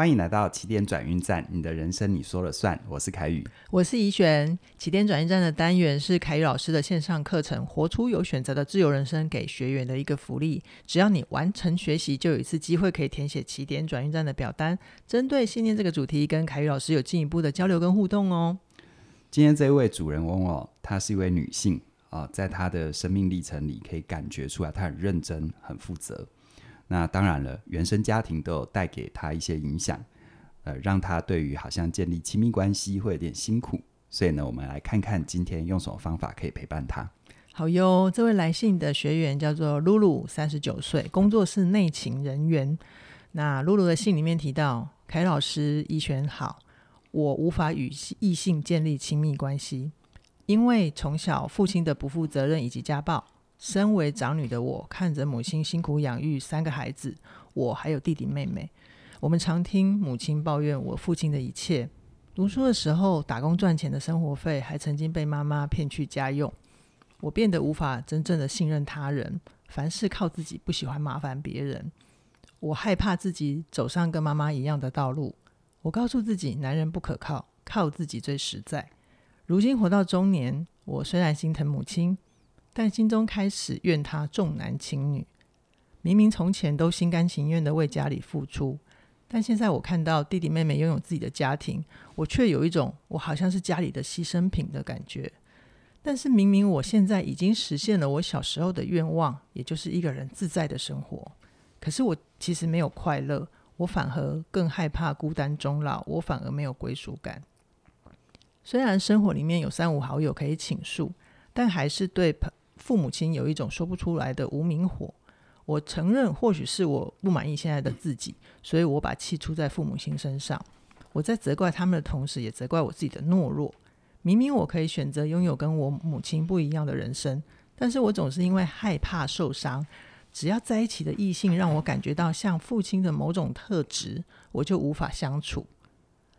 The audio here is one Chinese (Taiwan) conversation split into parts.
歡迎來到起點轉運站，你的人生你說了算。我是凱宇，我是怡璇。起點轉運站的單元是凱宇老師的線上課程《活出有選擇的自由人生》給學員的一個福利。只要你完成學習，就有一次機會可以填寫起點轉運站的表單，針對信念這個主題跟凱宇老師有進一步的交流跟互動哦。今天這一位主人翁哦，她是一位女性啊，在她的生命歷程裡，可以感覺出來她很認真、很負責。那當然了，原生家庭都有帶給他一些影響，呃，讓他對於好像建立親密關係會有點辛苦，所以呢，我們來看看今天用什麼方法可以陪伴他。好喲，這位來信的學員叫做露露，三十九歲，工作是內勤人員。那露露的信裡面提到，凱老師，一選好，我無法與異性建立親密關係，因為從小父親的不負責任以及家暴。身為長女的我，看着母親辛苦養育三個孩子，我還有弟弟妹妹。我們常聽母親抱怨我父親的一切。讀書的時候，打工賺錢的生活費，還曾經被媽媽騙去家用。我變得無法真正地信任他人，凡事靠自己，不喜歡麻煩別人。我害怕自己走上跟媽媽一樣的道路。我告訴自己，男人不可靠，靠自己最實在。如今活到中年，我雖然心疼母親。但心中開始怨他重男輕女。明明從前都心甘情願地為家裡付出，但現在我看到弟弟妹妹擁有自己的家庭，我卻有一種我好像是家裡的犧牲品的感覺。但是明明我現在已經實現了我小時候的願望，也就是一個人自在的生活，可是我其實沒有快樂，我反而更害怕孤單終老，我反而沒有歸屬感。雖然生活裡面有三五好友可以傾訴，但還是對朋父母親有一種說不出來的無名火，我承認或許是我不滿意現在的自己，所以我把氣出在父母親身上。我在責怪他們的同時，也責怪我自己的懦弱。明明我可以選擇擁有跟我母親不一樣的人生，但是我總是因為害怕受傷，只要在一起的異性讓我感覺到像父親的某種特質，我就無法相處。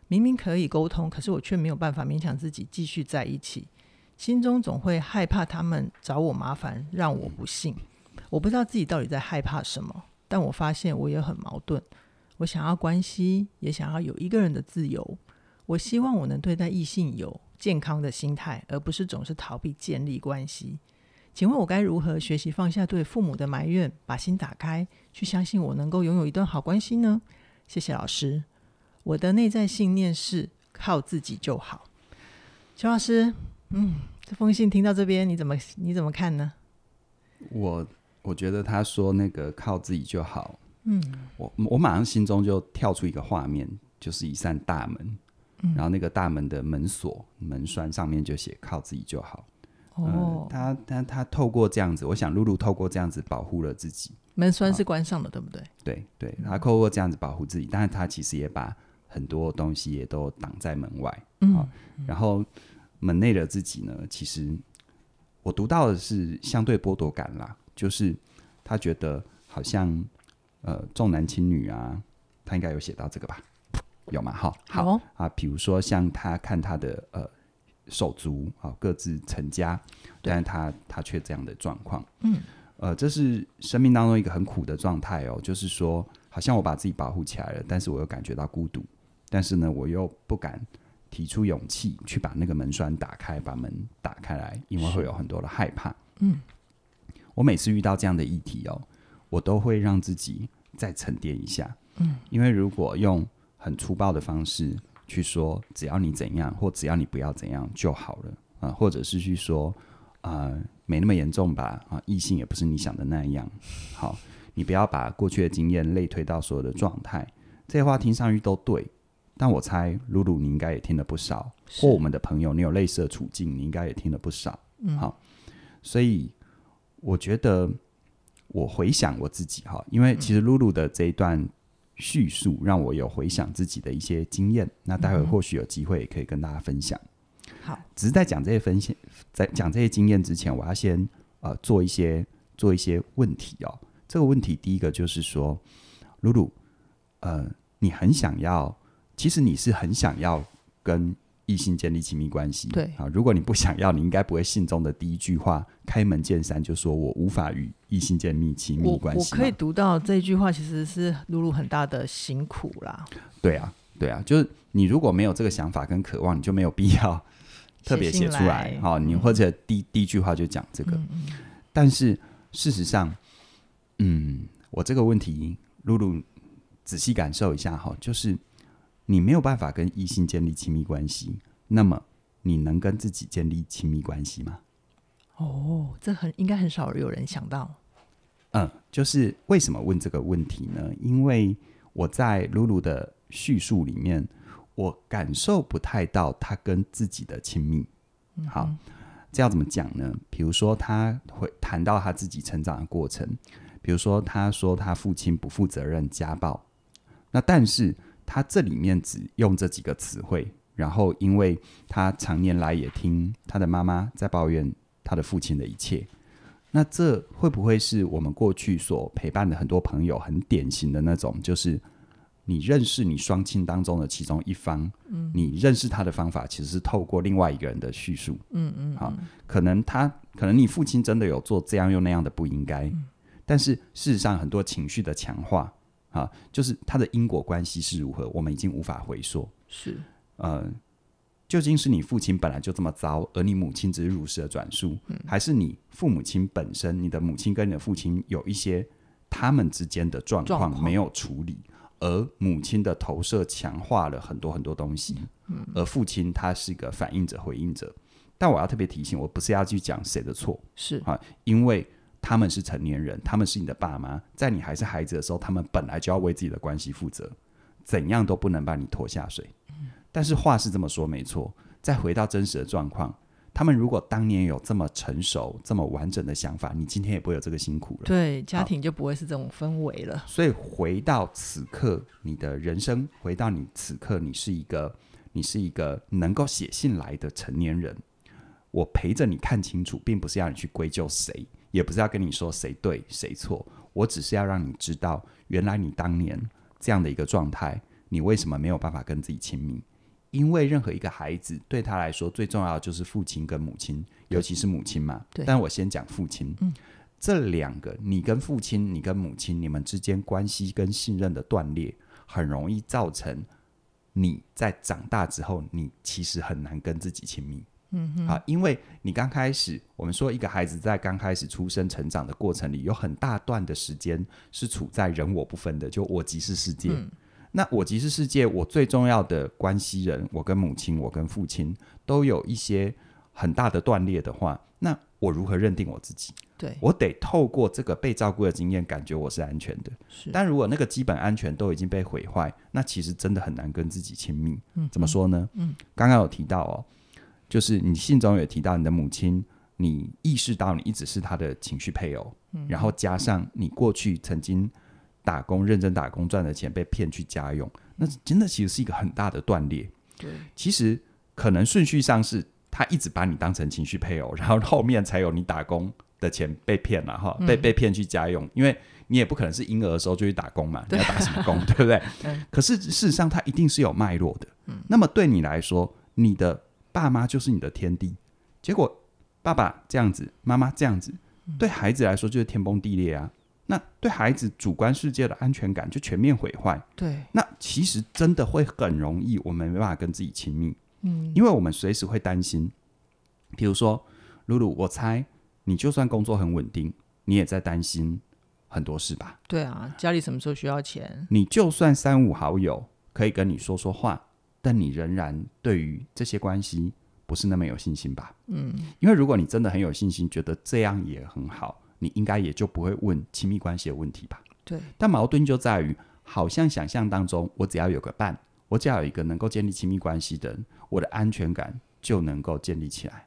明明可以溝通，可是我卻沒有辦法勉強自己繼續在一起。心中總會害怕他們找我麻煩，讓我不幸。我不知道自己到底在害怕什麼，但我發現我也很矛盾。我想要關係，也想要有一個人的自由。我希望我能對待異性有健康的心態，而不是總是逃避建立關係。請問我該如何學習放下對父母的埋怨，把心打開，去相信我能夠擁有一段好關係呢？謝謝老師。我的內在信念是靠自己就好。邱老師，嗯。這封信聽到這邊，你怎麼你怎麼看呢？我我覺得他說那個靠自己就好，嗯，我我馬上心中就跳出一個畫面，就是一扇大門，嗯、然後那個大門的門鎖門栓上面就寫靠自己就好。呃、哦，他他他透過這樣子，我想露露透過這樣子保護了自己，門栓是關上的，對不對？哦，對對，他透過這樣子保護自己，嗯，但是他其實也把很多東西也都擋在門外，嗯，哦、然後。門內的自己呢？其實我讀到的是相對剝奪感啦，就是他覺得好像呃重男輕女啊，他應該有寫到這個吧？有嗎？哈，好、哦、啊。比如說像他看他的呃手足啊各自成家，但是他他卻這樣的狀況。嗯，呃，這是生命當中一個很苦的狀態哦。就是說，好像我把自己保護起來了，但是我又感覺到孤獨，但是呢，我又不敢提出勇氣去把那個門栓打開，把門打開來，因為會有很多的害怕。嗯，我每次遇到這樣的議題哦，我都會讓自己再沉澱一下。嗯，因為如果用很粗暴的方式去說，只要你怎樣，或只要你不要怎樣就好了啊、呃，或者是去說啊、呃，沒那麼嚴重吧啊、呃，異性也不是你想的那樣。好，你不要把過去的經驗類推到所有的狀態，這些話聽上去都對。但我猜，露露，你應該也聽了不少，或我們的朋友，你有類似的處境，你應該也聽了不少。嗯，好，所以我覺得我回想我自己哈，因為其實露露的這一段敘述，讓我有回想自己的一些經驗、嗯。那待會或許有機會也可以跟大家分享。好、嗯，只是在講這些分析，在講這些經驗之前，我要先呃做一些做一些問題哦。這個問題第一個就是說，露露，呃，你很想要。其實你是很想要跟異性建立親密關係，對啊。如果你不想要，你應該不會信中的第一句話開門見山就說，我無法與異性建立親密關係我。我可以讀到這句話，其實是露露很大的辛苦啦。對啊，對啊，就是你如果沒有這個想法跟渴望，你就沒有必要特別寫出來哈、啊。你或者第、嗯、第一句話就講這個嗯嗯，但是事實上，嗯，我這個問題露露仔細感受一下哈，就是。你沒有辦法跟異性建立親密關係，那麼你能跟自己建立親密關係嗎？哦，這很應該很少有人想到。嗯，就是為什麼問這個問題呢？因為我在露露的敘述裡面，我感受不太到他跟自己的親密。好，嗯，這要怎麼講呢？比如說他會談到他自己成長的過程，比如說他說他父親不負責任、家暴，那但是。他這裡面只用這幾個詞彙，然後因為他常年來也聽他的媽媽在抱怨他的父親的一切，那這會不會是我們過去所陪伴的很多朋友很典型的那種？就是你認識你雙親當中的其中一方，嗯，你認識他的方法其實是透過另外一個人的敘述，嗯，嗯嗯，好，可能他，可能你父親真的有做這樣又那樣的不應該，嗯，但是事實上很多情緒的強化。啊，就是他的因果關係是如何，我們已經無法回溯。是，呃，究竟是你父親本來就這麼糟，而你母親只是如實的轉述，嗯，還是你父母親本身，你的母親跟你的父親有一些他們之間的狀況沒有處理，而母親的投射強化了很多很多東西，嗯，而父親他是一個反應者、回應者。但我要特別提醒，我不是要去講誰的錯，是啊，因為。他們是成年人，他們是你的爸媽，在你還是孩子的時候，他們本來就要為自己的關係負責，怎樣都不能把你拖下水。嗯。但是話是這麼說，沒錯。再回到真實的狀況，他們如果當年有這麼成熟、這麼完整的想法，你今天也不會有這個辛苦了。對，家庭就不會是這種氛圍了。所以回到此刻，你的人生，回到你此刻，你是一個，你是一個能夠寫信來的成年人。我陪着你看清楚，並不是要你去歸咎誰。也不是要跟你說誰對誰錯，我只是要讓你知道，原來你當年這樣的一個狀態，你為什麼沒有辦法跟自己親密？因為任何一個孩子對他來說最重要的就是父親跟母親，尤其是母親嘛。對。但我先講父親。嗯。這兩個，你跟父親，你跟母親，你們之間關係跟信任的斷裂，很容易造成你在長大之後，你其實很難跟自己親密。嗯，好，因為你剛開始，我們說一個孩子在剛開始出生、成長的過程裡，有很大段的時間是處在人我不分的，就我即是世界。嗯，那我即是世界，我最重要的關係人，我跟母親、我跟父親，都有一些很大的斷裂的話，那我如何認定我自己？對，我得透過這個被照顧的經驗，感覺我是安全的。是，但如果那個基本安全都已經被毀壞，那其實真的很難跟自己親密。嗯，怎麼說呢？嗯，剛剛有提到哦。就是你信中有提到你的母親，你意識到你一直是她的情緒配偶、嗯，然後加上你過去曾經打工認真打工賺的錢被騙去家用，那真的其實是一個很大的斷裂。對，其實可能順序上是她一直把你當成情緒配偶，然後後面才有你打工的錢被騙了哈，被、嗯、被騙去家用，因為你也不可能是嬰兒的時候就去打工嘛，你要打什麼工，對，對不對、嗯？可是事實上，它一定是有脈絡的、嗯。那麼對你來說，你的。爸媽就是你的天地，結果爸爸這樣子，媽媽這樣子，對孩子來說就是天崩地裂啊！嗯、那對孩子主觀世界的安全感就全面毀壞。對，那其實真的會很容易，我們沒辦法跟自己親密。嗯，因為我們隨時會擔心。比如說，露露，我猜你就算工作很穩定，你也在擔心很多事吧？對啊，家裡什麼時候需要錢？你就算三五好友可以跟你說說話。但你仍然對於這些關係不是那麼有信心吧？嗯，因為如果你真的很有信心，覺得這樣也很好，你應該也就不會問親密關係的問題吧？對。但矛盾就在於，好像想象當中，我只要有個伴，我只要有一個能夠建立親密關係的人，我的安全感就能夠建立起來，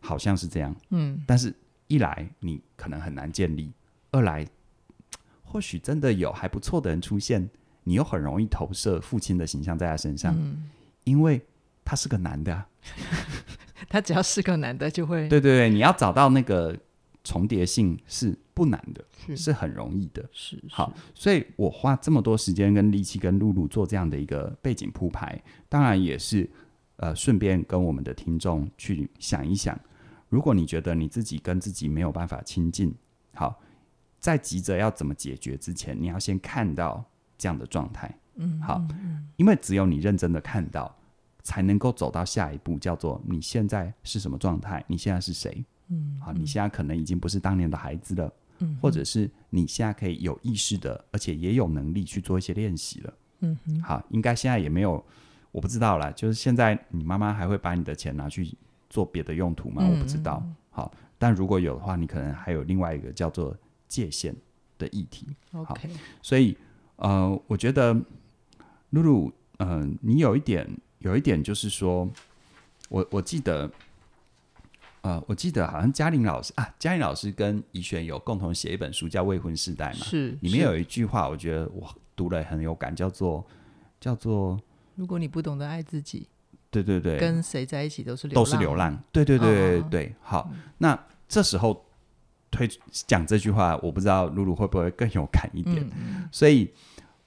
好像是這樣。嗯。但是一來你可能很難建立，二來或許真的有還不錯的人出現，你又很容易投射父親的形象在他身上，嗯，因為他是個男的啊， 他只要是個男的就會。對對對，你要找到那個重疊性是不難的，是，是很容易的。是，是，好，所以我花這麼多時間跟力氣跟露露做這樣的一個背景鋪排，當然也是呃，順便跟我們的聽眾去想一想，如果你覺得你自己跟自己沒有辦法親近，好，在急着要怎麼解決之前，你要先看到，這樣的狀態，嗯，好嗯嗯，因為只有你認真的看到，才能夠走到下一步，叫做你現在是什麼狀態？你現在是誰？嗯，好嗯，你現在可能已經不是當年的孩子了，嗯，或者是你現在可以有意識的，而且也有能力去做一些練習了，嗯哼，好，應該現在也沒有，我不知道啦，就是現在你媽媽還會把你的錢拿去做別的用途嗎？嗯，我不知道，好，但如果有的話，你可能還有另外一個叫做界限的議題，嗯，好，OK，所以。呃，我覺得露露，嗯、呃，你有一點，有一點就是說，我我記得，呃，我記得好像嘉玲老師啊，嘉玲老師跟怡璇有共同寫一本書叫《未婚世代》嘛，是裡面有一句話，我覺得我讀了很有感，叫做叫做，如果你不懂得愛自己，對對對，跟誰在一起都是流都是流浪，對對對對對，哦哦對好，嗯、那這時候推講這句話，我不知道露露會不會更有感一點，嗯、所以。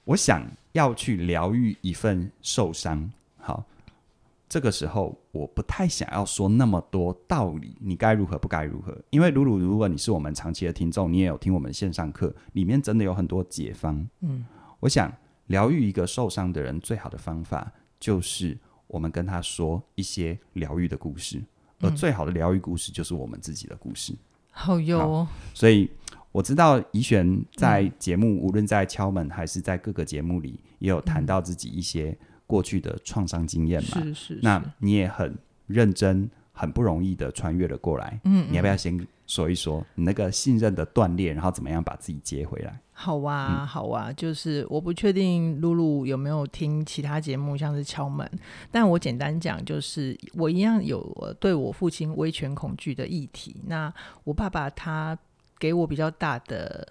我想要去療癒一份受傷，好，這個時候我不太想要說那麼多道理，你該如何不該如何。因為露露，露，如果你是我們長期的聽眾，你也有聽我們線上課，裡面真的有很多解方。嗯，我想療癒一個受傷的人，最好的方法就是我們跟他說一些療癒的故事，而最好的療癒故事就是我們自己的故事。嗯、好喲、哦，所以。我知道怡璇在節目，嗯、無論在《敲門》還是在各個節目裡，也有談到自己一些過去的創傷經驗嘛。是是,是。那你也很認真、很不容易的穿越了過來。嗯,嗯。你要不要先說一說你那個信任的斷裂，然後怎麼樣把自己接回來？好哇、啊嗯，好哇、啊。就是我不確定露露有沒有聽其他節目，像是《敲門》，但我簡單講，就是我一樣有對我父親威權恐懼的議題。那我爸爸他。給我比較大的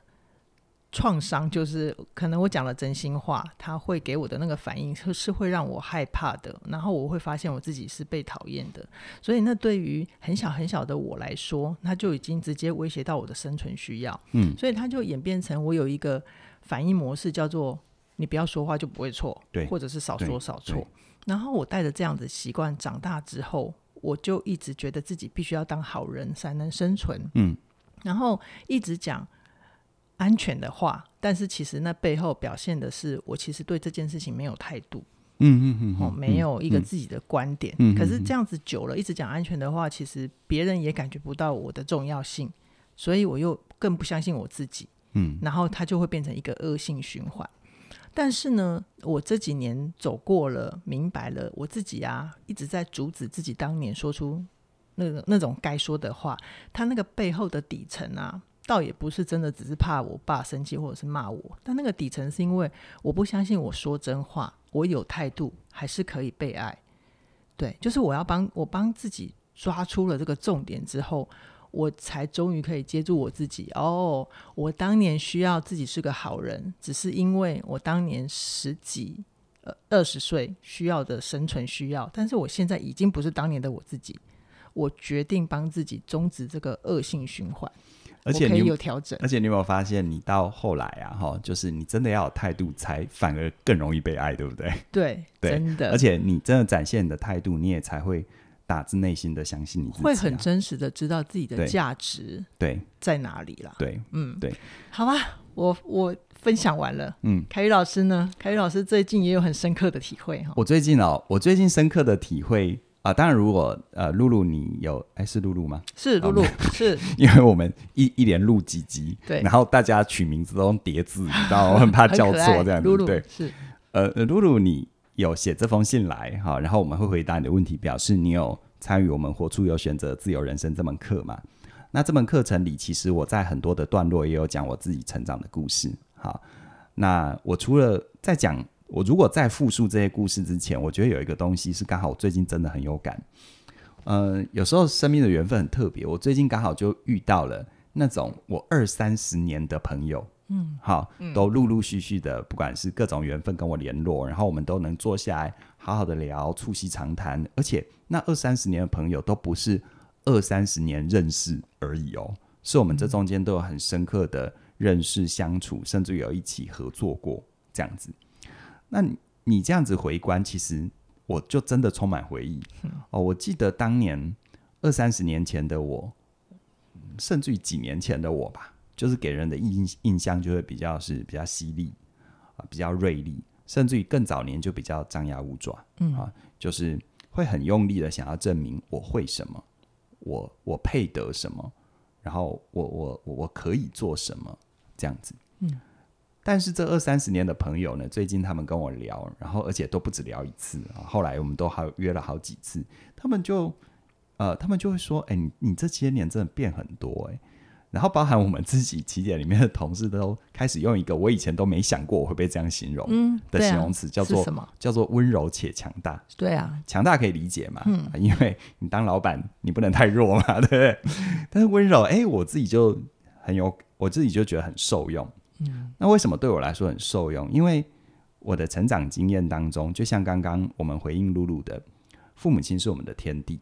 創傷，就是可能我講了真心話，他會給我的那個反應是會讓我害怕的。然後我會發現我自己是被討厭的，所以那對於很小很小的我來說，那就已經直接威脅到我的生存需要，嗯，所以他就演變成我有一個反應模式，叫做你不要說話就不會錯，對，或者是少說少錯。然後我帶着這樣子習慣長大之後，我就一直覺得自己必須要當好人才能生存。嗯。然後一直講安全的話，但是其實那背後表現的是，我其實對這件事情沒有態度。嗯嗯嗯，哦，沒有一個自己的觀點。嗯哼哼。可是這樣子久了，一直講安全的話，其實別人也感覺不到我的重要性，所以我又更不相信我自己。嗯，然後它就會變成一個惡性循環。嗯。但是呢，我這幾年走過了，明白了我自己啊，一直在阻止自己當年說出。那個那種該說的話，他那個背後的底層啊，倒也不是真的只是怕我爸生氣或者是罵我，但那個底層是因為我不相信我說真話、我有態度還是可以被愛，對，就是我要幫我幫自己抓出了這個重點之後，我才終於可以接住我自己哦。我當年需要自己是個好人，只是因為我當年十幾、呃、二十歲需要的生存需要，但是我現在已經不是當年的我自己。我決定幫自己終止這個惡性循環，而且你有調整。而且你有沒有發現，你到後來啊，哈，就是你真的要有態度，才反而更容易被愛，對不對？對，對真的。而且你真的展現你的態度，你也才會打自內心的相信你自己、啊，會很真實的知道自己的價值對在哪裡啦。對，嗯，對。好吧，我我分享完了。嗯，凱宇老師呢？凱宇老師最近也有很深刻的體會哈。我最近哦，我最近深刻的體會。啊、呃，當然，如果呃，露露，你有，哎，是露露嗎？是露露，是，因為我們一一連錄幾集，對，然後大家取名字都用疊字，你知道，我很怕叫錯 這樣子，露露，對，是，呃，露露，你有寫這封信來，哈，然後我們會回答你的問題，表示你有參與我們《活出有選擇自由人生》這門課嘛？那這門課程裡，其實我在很多的段落也有講我自己成長的故事，好，那我除了在講。我如果在復述這些故事之前，我覺得有一個東西是剛好我最近真的很有感。嗯、呃，有時候生命的緣分很特別，我最近剛好就遇到了那種我二三十年的朋友，嗯，好，都陸陸續續的、嗯，不管是各種緣分跟我聯絡，然後我們都能坐下來好好的聊，促膝長談。而且那二三十年的朋友都不是二三十年認識而已哦，是我們這中間都有很深刻的認識相處，嗯、甚至有一起合作過這樣子。那你這樣子回觀，其實我就真的充滿回憶哦。我記得當年二三十年前的我，甚至於幾年前的我吧，就是給人的印印象就會比較是比較犀利啊，比較銳利，甚至於更早年就比較張牙舞爪，嗯啊，就是會很用力的想要證明我會什麼，我我配得什麼，然後我我我我可以做什麼這樣子，嗯。但是這二三十年的朋友呢，最近他們跟我聊，然後而且都不止聊一次啊。後,後來我們都還約了好幾次，他們就呃，他們就會說：“哎、欸，你你這些年真的變很多哎、欸。”然後包含我們自己起點裡面的同事都開始用一個我以前都沒想過我會被這樣形容的形容詞，嗯啊、叫做什麼？叫做溫柔且強大。對啊，強大可以理解嘛？嗯，啊、因為你當老板，你不能太弱嘛，對不對？嗯、但是溫柔，哎、欸，我自己就很有，我自己就覺得很受用。嗯，那為什麼對我來說很受用？因為我的成長經驗當中，就像剛剛我們回應露露的，父母親是我們的天地。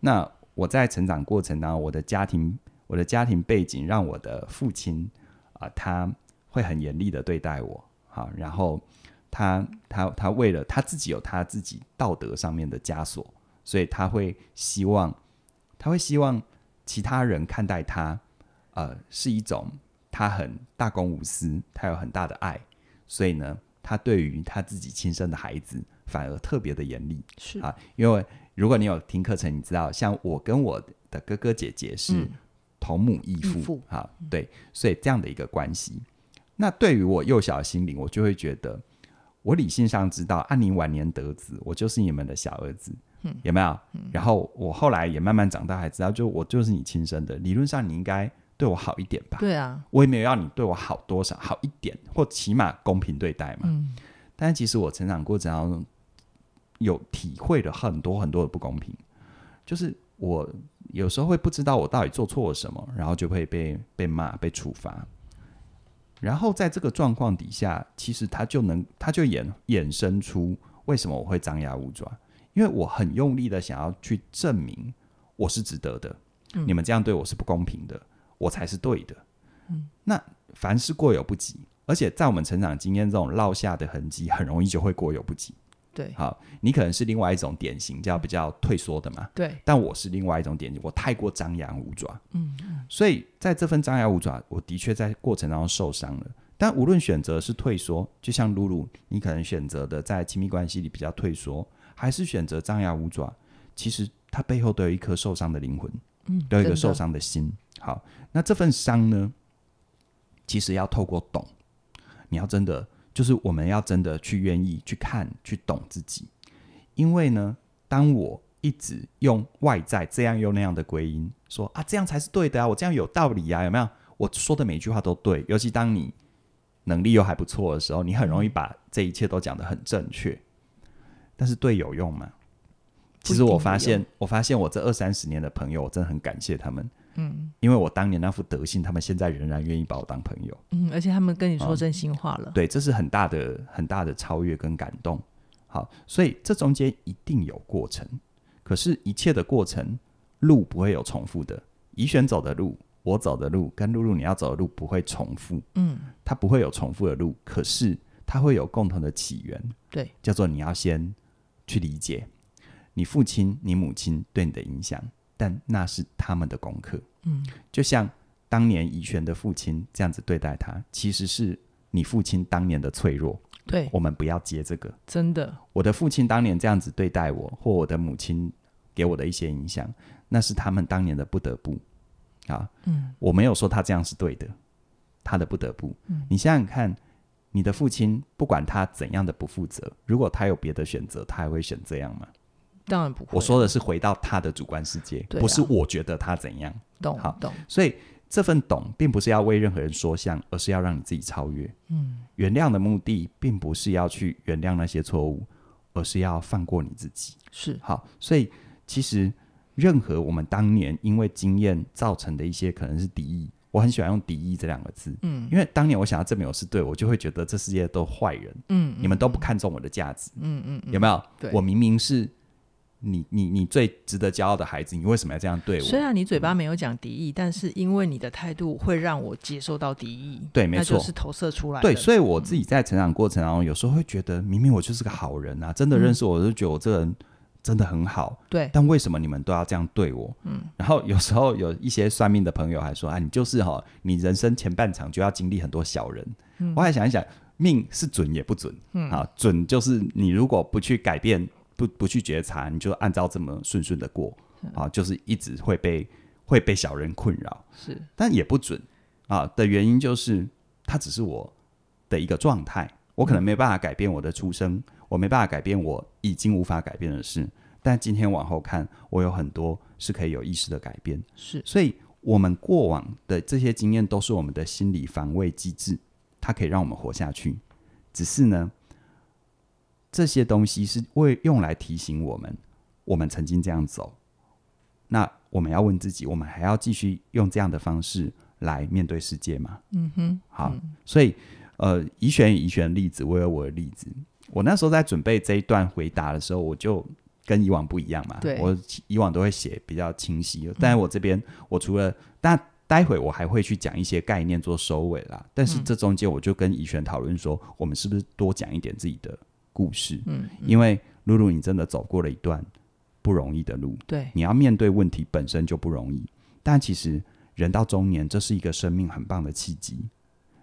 那我在成長過程當中，我的家庭，我的家庭背景讓我的父親啊，呃，他會很嚴厲的對待我，好，然後他，他，他為了他自己有他自己道德上面的枷鎖，所以他會希望，他會希望其他人看待他，呃，是一種。他很大公無私，他有很大的愛，所以呢，他對於他自己親生的孩子反而特別的嚴厲，是啊，因為如果你有聽課程，你知道，像我跟我的哥哥姐姐是同母異父，嗯、啊、嗯，對，所以這樣的一個關係，嗯、那對於我幼小心靈，我就會覺得，我理性上知道，按、啊、你晚年得子，我就是你們的小兒子，嗯、有沒有、嗯。然後我後來也慢慢長大，還知道，就我就是你親生的，理論上你應該。對我好一點吧。對啊，我也沒有要你對我好多少，好一點或起碼公平對待嘛。嗯。但其實我成長過程當中，有體會了很多很多的不公平，就是我有時候會不知道我到底做錯了什麼，然後就會被被罵、被處罰。然後在這個狀況底下，其實他就能他就衍衍生出為什麼我會張牙舞爪，因為我很用力的想要去證明我是值得的。嗯。你們這樣對我是不公平的。我才是對的，嗯，那凡事過猶不及，而且在我們成長經驗這種烙下的痕跡，很容易就會過猶不及。對，好，你可能是另外一種典型，叫比較退縮的嘛。對，但我是另外一種典型，我太過張牙舞爪。嗯，所以在這份張牙舞爪，我的確在過程當中受傷了。但無論選擇是退縮，就像露露，你可能選擇的在親密關係裡比較退縮，還是選擇張牙舞爪，其實它背後都有一顆受傷的靈魂，嗯，都有一個受傷的心。好，那這份傷呢？其實要透過懂，你要真的就是我們要真的去願意去看，去懂自己。因為呢，當我一直用外在這樣又那樣的歸因，說啊這樣才是對的啊，我這樣有道理啊，有沒有？我說的每一句話都對，尤其當你能力又還不錯的時候，你很容易把這一切都講得很正確。但是對有用嗎？其實我發現，我發現我這二三十年的朋友，我真的很感謝他們。嗯，因為我當年那副德性，他們現在仍然願意把我當朋友。嗯，而且他們跟你說真心話了。嗯。對，這是很大的、很大的超越跟感動。好，所以這中間一定有過程。可是，一切的過程，路不會有重複的。乙選走的路，我走的路，跟露露你要走的路不會重複。嗯，它不會有重複的路，可是它會有共同的起源。對，叫做你要先去理解你父親、你母親對你的影響。但那是他們的功課，嗯，就像當年怡璇的父親這樣子對待他，其實是你父親當年的脆弱。對，我們不要接這個。真的，我的父親當年這樣子對待我，或我的母親給我的一些影響，那是他們當年的不得不。啊，嗯，我沒有說他這樣是對的，他的不得不。嗯，你想想看，你的父親不管他怎樣的不負責，如果他有別的選擇，他還會選這樣嗎？當然不會，啊。我說的是回到他的主觀世界，對啊，不是我覺得他怎樣。懂，好懂。所以這份懂，並不是要為任何人說項，而是要讓你自己超越。嗯，原諒的目的，並不是要去原諒那些錯誤，而是要放過你自己。是，好。所以其實，任何我們當年因為經驗造成的一些，可能是敵意。我很喜歡用“敵意”這兩個字。嗯，因為當年我想要證明我是對，我就會覺得這世界都壞人。嗯，嗯，嗯，嗯，你們都不看重我的價值。嗯嗯，嗯嗯，有沒有？對，我明明是。你你你最值得驕傲的孩子，你為什麼要這樣對我？雖然你嘴巴沒有講敵意，嗯，但是因為你的態度會讓我接受到敵意。對，沒錯，是投射出來的。對，所以我自己在成長過程當中，有時候會覺得，明明我就是個好人啊，真的認識我，嗯，我就覺得我這個人真的很好。對，嗯，但為什麼你們都要這樣對我？嗯。然後有時候有一些算命的朋友還說，啊，哎，你就是哈，哦，你人生前半場就要經歷很多小人。嗯。我還想一想，命是準也不準。嗯。啊，準就是你如果不去改變。不，不去覺察，你就按照這麼順順的過啊，就是一直會被會被小人困擾，是，但也不準啊的原因就是，它只是我的一個狀態，我可能沒辦法改變我的出生，嗯，我沒辦法改變我已經無法改變的事，但今天往後看，我有很多是可以有意識的改變，是，所以我們過往的這些經驗都是我們的心理防衛機制，它可以讓我們活下去，只是呢。這些東西是會用來提醒我們，我們曾經這樣走。那我們要問自己，我們還要繼續用這樣的方式來面對世界嗎？嗯哼。好，嗯、所以呃，宜璇與宜璇的例子，我有我的例子。我那時候在準備這一段回答的時候，我就跟以往不一樣嘛。對。我以往都會寫比較清晰，嗯，但是我這邊我除了，但待會我還會去講一些概念做收尾啦。但是這中間我就跟宜璇討論說，我們是不是多講一點自己的故事，嗯，嗯，因為露露，露露你真的走過了一段不容易的路，對，你要面對問題本身就不容易，但其實人到中年，這是一個生命很棒的契機，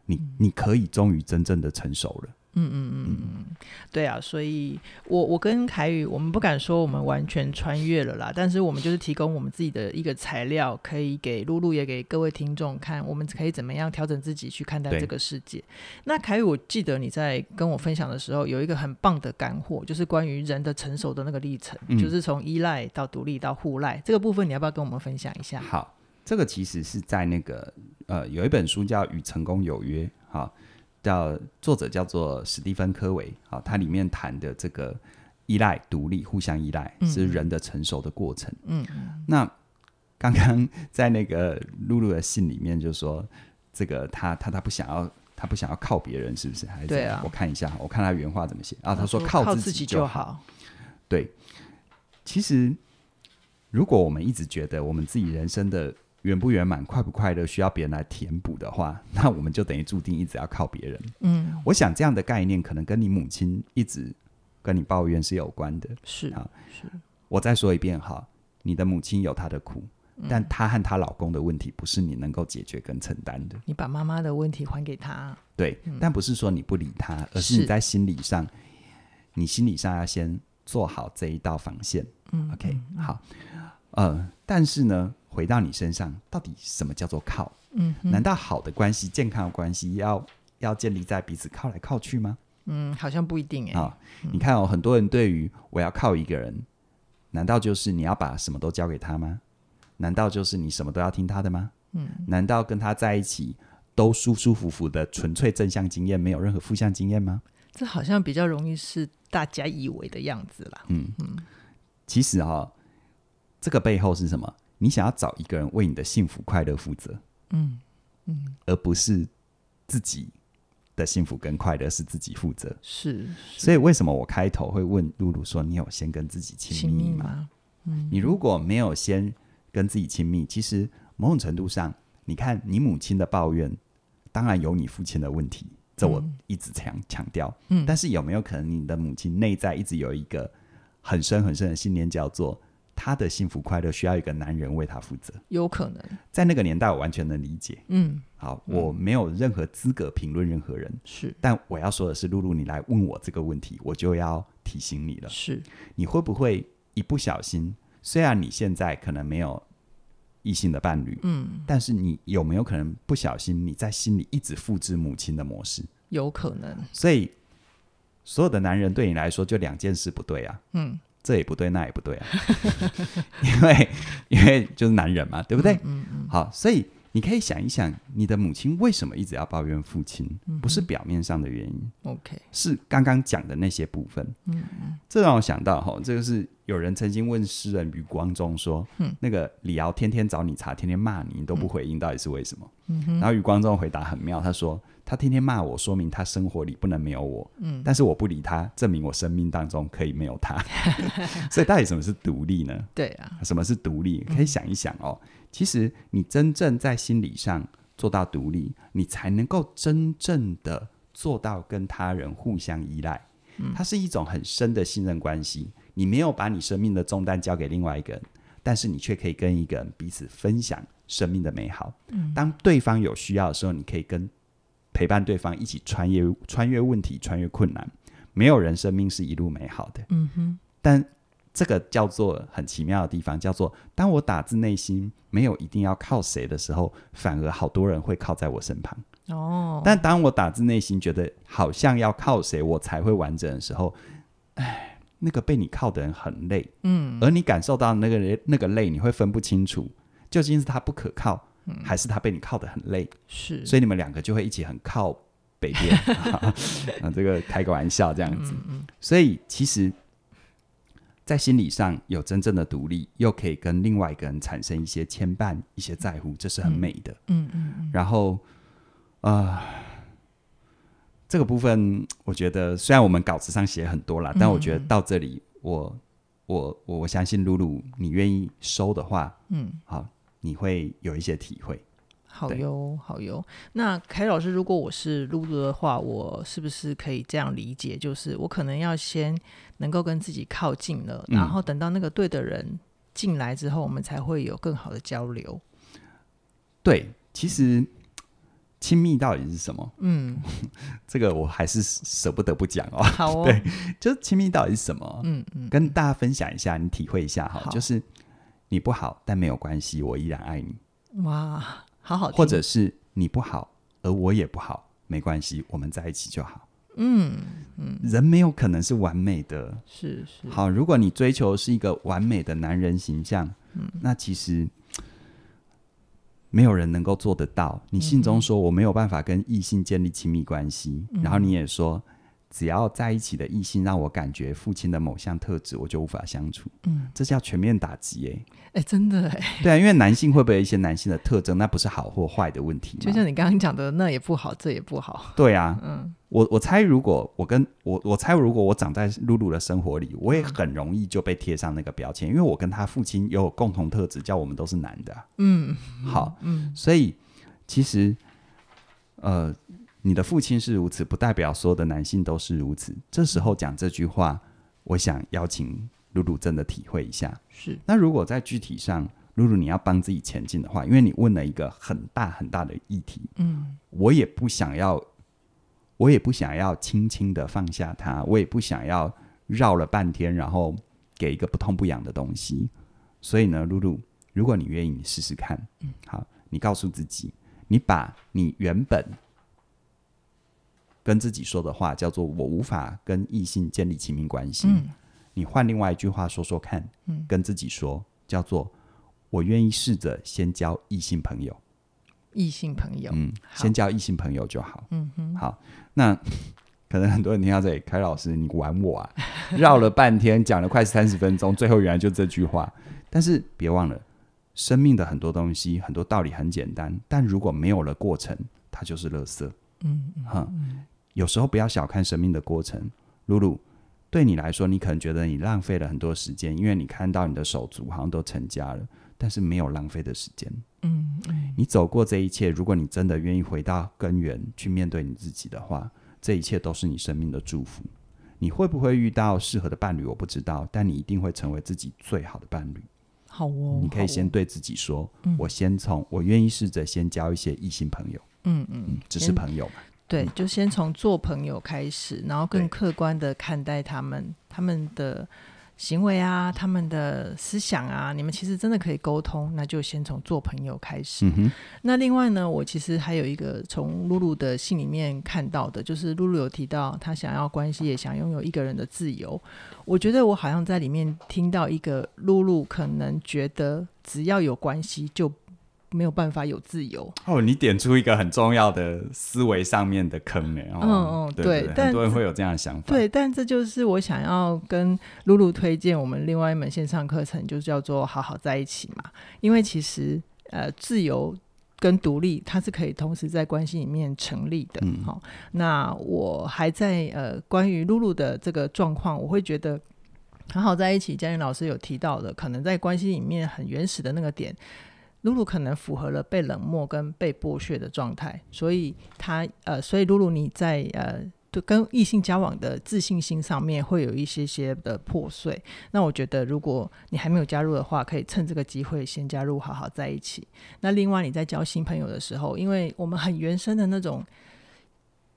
你你可以終於真正的成熟了。嗯嗯嗯嗯嗯嗯，對啊，所以我我跟凱宇，我們不敢說我們完全穿越了啦、嗯，但是我們就是提供我們自己的一個材料，可以給露露也給各位聽眾看，我們可以怎麼樣調整自己去看待這個世界。那凱宇，我記得你在跟我分享的時候，有一個很棒的乾貨，就是關於人的成熟的那個歷程，嗯、就是從依賴到獨立到互賴這個部分，你要不要跟我們分享一下？好，這個其實是在那個呃，有一本書叫《與成功有約》好。哦叫作者叫做史蒂芬·科維，好，他裡面談的這個依賴、獨立、互相依賴，嗯，是人的成熟的過程。嗯，那剛剛在那個露露的信裡面就說，這個他他他不想要，他不想要靠別人，是不是，還是怎樣？對啊，我看一下，我看他原話怎麼寫啊？他說靠自己就好。我說我靠自己就好。對，其實如果我們一直覺得我們自己人生的。圓不圓滿，快不快樂，需要別人來填補的話，那我們就等於注定一直要靠別人。嗯，我想這樣的概念可能跟你母親一直跟你抱怨是有關的。是啊，是我再說一遍哈，你的母親有她的苦，嗯，但她和她老公的問題不是你能夠解決跟承擔的。你把媽媽的問題還給她。對，嗯，但不是說你不理她，而是你在心理上，你心理上要先做好這一道防線。嗯，OK，嗯好，呃，但是呢。回到你身上，到底什麼叫做靠？嗯，難道好的關係、健康的關係要要建立在彼此靠來靠去嗎？嗯，好像不一定誒、欸哦嗯，你看哦，很多人對於我要靠一個人，難道就是你要把什麼都交給他嗎？難道就是你什麼都要聽他的嗎？嗯，難道跟他在一起都舒舒服服的，純粹正向經驗，沒有任何負向經驗嗎？這好像比較容易是大家以為的樣子啦。嗯嗯，其實哈、哦，這個背後是什麼？你想要找一個人為你的幸福快樂負責，嗯嗯，而不是自己的幸福跟快樂是自己負責是。是，所以為什麼我開頭會問露露說，你有先跟自己親密，密嗎？嗯，你如果沒有先跟自己親密，其實某種程度上，你看你母親的抱怨，當然有你父親的問題，這我一直強強調。嗯，但是有沒有可能你的母親內在一直有一個很深很深的信念，叫做……她的幸福快樂需要一個男人為她負責，有可能在那個年代，我完全能理解。嗯，好，我沒有任何資格評論任何人，嗯，是。但我要說的是，露露，你來問我這個問題，我就要提醒你了。是，你會不會一不小心？雖然你現在可能沒有異性的伴侶，嗯，但是你有沒有可能不小心？你在心裡一直複制母親的模式，有可能。所以，所有的男人對你來說就兩件事不對啊。嗯。這也不對，那也不對啊， 因為因為就是男人嘛， 對不對？嗯，嗯，嗯。好，所以你可以想一想，你的母親為什麼一直要抱怨父親？嗯、不是表面上的原因，OK？、嗯、是剛剛講的那些部分。嗯嗯。這讓我想到哈、哦，這個是有人曾經問詩人余光中說：“嗯、那個李敖天天找你茬，天天罵你，你都不回應，到底是為什麼、嗯？”然後余光中回答很妙，他說。他天天罵我，說明他生活裡不能沒有我。嗯，但是我不理他，證明我生命當中可以沒有他。 所以，到底什麼是獨立呢？對啊，什麼是獨立？可以想一想哦。嗯，其實，你真正在心理上做到獨立，你才能夠真正的做到跟他人互相依賴。嗯。它是一種很深的信任關係。你沒有把你生命的重擔交給另外一個人，但是你卻可以跟一個人彼此分享生命的美好。嗯，當對方有需要的時候，你可以跟。陪伴對方一起穿越穿越問題，穿越困難。沒有人生命是一路美好的。嗯哼。但這個叫做很奇妙的地方，叫做當我打自內心沒有一定要靠誰的時候，反而好多人會靠在我身旁。哦。但當我打自內心覺得好像要靠誰我才會完整的時候，唉，那個被你靠的人很累。嗯。而你感受到那個人那個累，那個、累你會分不清楚究竟是他不可靠。還是他被你靠得很累。嗯，是，所以你們兩個就會一起很靠北邊， 啊，這個開個玩笑這樣子。嗯嗯、所以其實，在心理上有真正的獨立，又可以跟另外一個人產生一些牽絆、一些在乎，嗯、這是很美的。嗯嗯，嗯。然後，啊、呃，這個部分我覺得，雖然我們稿子上寫很多了、嗯，但我覺得到這裡我，我我我我相信露露你願意收的話，嗯，好。你會有一些體會，好喲，好喲。那凱老師，如果我是露露的話，我是不是可以這樣理解？就是我可能要先能夠跟自己靠近了，嗯，然後等到那個對的人進來之後，我們才會有更好的交流。對，其實親密到底是什麼？嗯， 這個我還是捨不得不講哦。好哦。 對，就是親密到底是什麼？嗯嗯，跟大家分享一下，你體會一下哈，就是。你不好，但沒有關係，我依然愛你。哇，好好聽。或者是你不好，而我也不好，沒關係，我們在一起就好。嗯嗯，人沒有可能是完美的，是是。好，如果你追求是一個完美的男人形象，嗯，那其實沒有人能夠做得到。你信中說我沒有辦法跟異性建立親密關係，嗯，然後你也說。只要在一起的異性讓我感覺父親的某項特質，我就無法相處。嗯，這是要全面打擊誒、欸。哎、欸，真的誒、欸。對啊，因為男性會不會有一些男性的特徵，那不是好或壞的問題。就像你剛剛講的，那也不好，這也不好。對啊，嗯，我我猜，如果我跟我我猜，如果我長在露露的生活裡，我也很容易就被貼上那個標籤，嗯，因為我跟他父親有共同特質，叫我們都是男的。嗯，好，嗯，所以其實，呃。你的父親是如此，不代表所有的男性都是如此。這時候講這句話，我想邀請露露真的體會一下。是，那如果在具體上，露露你要幫自己前進的話，因為你問了一個很大很大的議題，嗯，我也不想要，我也不想要輕輕的放下它，我也不想要繞了半天，然後給一個不痛不癢的東西。所以呢，露露，如果你願意，你試試看。嗯，好，你告訴自己，你把你原本跟自己說的話叫做“我無法跟異性建立親密關係”嗯。你換另外一句話說說看。嗯、跟自己說叫做“我願意試着先交異性朋友”。異性朋友，嗯，先交異性朋友就好。嗯，好。那可能很多人聽到這裡，凱 老師，你玩我啊？繞了半天，講了快三十分鐘， 最後原來就這句話。但是別忘了，生命的很多東西，很多道理很簡單，但如果沒有了過程，它就是垃圾。嗯哼、嗯嗯。嗯有時候不要小看生命的過程，露露，對你來說，你可能覺得你浪費了很多時間，因為你看到你的手足好像都成家了，但是沒有浪費的時間。嗯，嗯，你走過這一切，如果你真的願意回到根源去面對你自己的話，這一切都是你生命的祝福。你會不會遇到適合的伴侶？我不知道，但你一定會成為自己最好的伴侶。好哦，好哦，你可以先對自己說：嗯，我先從，我願意試着先交一些異性朋友。嗯，嗯嗯，只是朋友，嗯對，就先從做朋友開始，然後更客觀的看待他們、他們的行為啊、他們的思想啊。你們其實真的可以溝通，那就先從做朋友開始。嗯、那另外呢，我其實還有一個從露露的信裡面看到的，就是露露有提到她想要關係，也想擁有一個人的自由。我覺得我好像在裡面聽到一個露露，露露可能覺得只要有關係就沒有辦法有自由哦！你點出一個很重要的思維上面的坑哎、欸哦，嗯嗯，對,對但，很多人會有這樣的想法。對，但這就是我想要跟露露推薦我們另外一門線上課程，就叫做《好好在一起》嘛。因為其實呃，自由跟獨立它是可以同時在關係裡面成立的。好、嗯哦，那我還在呃，關於露露的這個狀況，我會覺得《好好在一起》嘉玲老師有提到的，可能在關係裡面很原始的那個點。露露可能符合了被冷漠跟被剝削的狀態，所以他呃，所以露露你在呃就跟異性交往的自信心上面會有一些些的破碎。那我覺得，如果你還沒有加入的話，可以趁這個機會先加入，好好在一起。那另外你在交新朋友的時候，因為我們很原生的那種。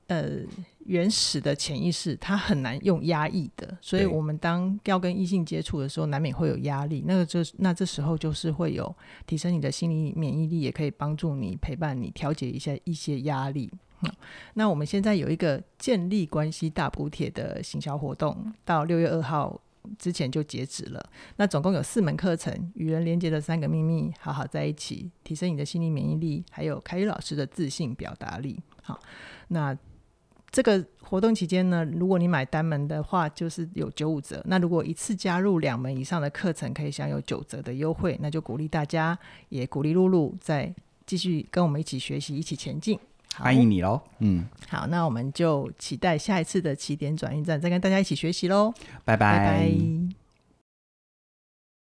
呃，原始的潛意識，它很難用壓抑的，所以我們當要跟異性接觸的時候，難免會有壓力。那個就是，那這時候就是會有提升你的心理免疫力，也可以幫助你陪伴你調節一下一些壓力。那我們現在有一個建立關係大補帖的行銷活動，到六月二號之前就截止了。那總共有四門課程：與人連結的三個秘密、好好在一起、提升你的心理免疫力，還有凱宇老師的自信表達力。好，那。這個活動期間呢，如果你買單門的話，就是有九五折。那如果一次加入兩門以上的課程，可以享有九折的優惠。那就鼓勵大家，也鼓勵露露再繼續跟我們一起學習，一起前進。好，歡迎你嘍，嗯。好，那我們就期待下一次的起點轉運站，再跟大家一起學習嘍。拜拜。拜拜。